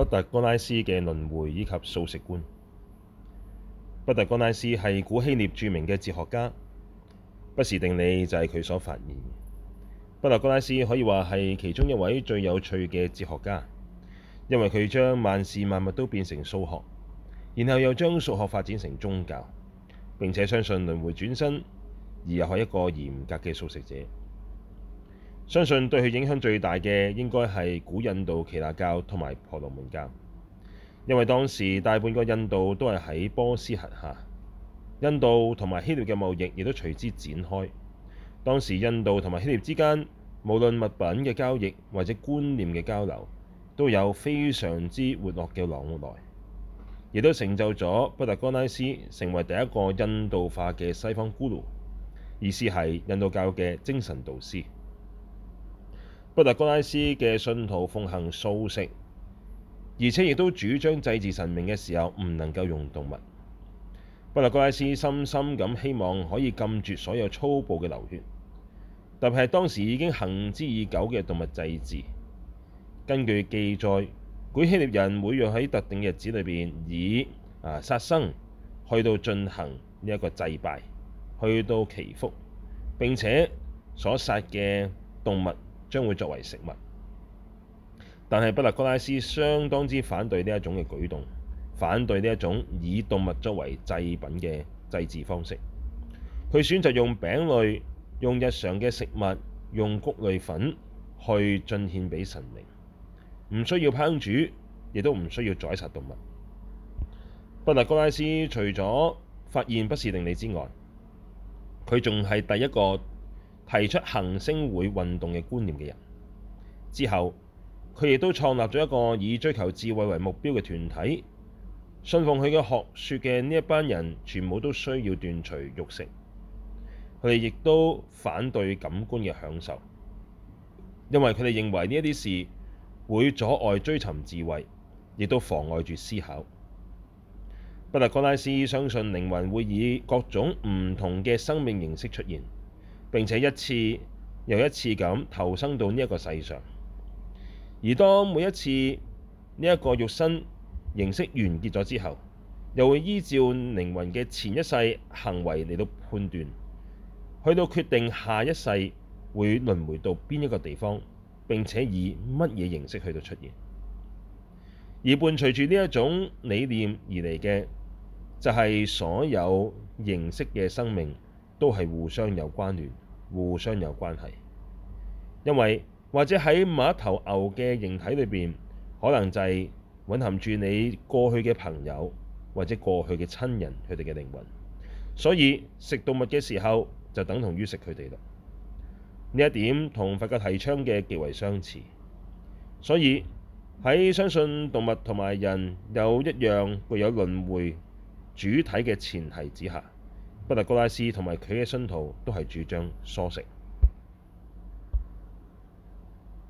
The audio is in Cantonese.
畢達哥拉斯嘅輪迴以及素食觀。畢達哥拉斯係古希臘著名嘅哲學家，畢氏定理就係佢所發現。畢達哥拉斯可以話係其中一位最有趣嘅哲學家，因為佢將萬事萬物都變成數學，然後又將數學發展成宗教，並且相信輪迴轉生，而又係一個嚴格嘅素食者。相信對佢影響最大嘅，應該係古印度耆那教同埋婆羅門教，因為當時大半個印度都係喺波斯轄下，印度同埋希臘嘅貿易亦都隨之展開。當時印度同埋希臘之間，無論物品嘅交易或者觀念嘅交流，都有非常之活絡嘅來往，亦都成就咗畢達哥拉斯成為第一個印度化嘅西方古魯，意思係印度教嘅精神導師。畢達哥拉斯嘅信徒奉行素食，而且亦都主張祭祀神明嘅時候唔能夠用動物。畢達哥拉斯深深咁希望可以禁絕所有粗暴嘅流血，特別係當時已經行之已久嘅動物祭祀。根據記載，古希臘人會約喺特定日子裏邊以啊殺生去到進行呢一個祭拜，去到祈福。並且所殺嘅動物，將會作為食物，但係畢達哥拉斯相當之反對呢一種嘅舉動，反對呢一種以動物作為祭品嘅祭祀方式。佢選擇用餅類、用日常嘅食物、用谷類粉去進獻畀神明，唔需要烹煮，亦都唔需要宰殺動物。畢達哥拉斯除咗發現畢氏定理之外，佢仲係第一個。提出行星會運動嘅觀念嘅人，之後，佢亦都創立咗一個以追求智慧為目標嘅團體，信奉佢嘅學說嘅呢一班人，全部都需要斷除肉食，佢哋亦都反對感官嘅享受，因為佢哋認為呢一啲事會阻礙追尋智慧，亦都妨礙住思考。畢達哥拉斯相信靈魂會以各種唔同嘅生命形式出現。並且一次又一次咁投生到呢一個世上，而當每一次呢一個肉身形式完結咗之後，又會依照靈魂嘅前一世行為嚟到判斷，去到決定下一世會輪迴到邊一個地方，並且以乜嘢形式去到出現。而伴隨住呢一種理念而嚟嘅，就係所有形式嘅生命，都係互相有關聯，互相有關係，因為或者喺某一頭牛嘅形體裏邊，可能就係蘊含住你過去嘅朋友或者過去嘅親人佢哋嘅靈魂，所以食動物嘅時候就等同於食佢哋啦。呢一點同佛教提倡嘅極為相似，所以喺相信動物同埋人有一樣具有輪迴主體嘅前提之下。畢達哥拉斯同埋佢嘅信徒都係主張蔬食。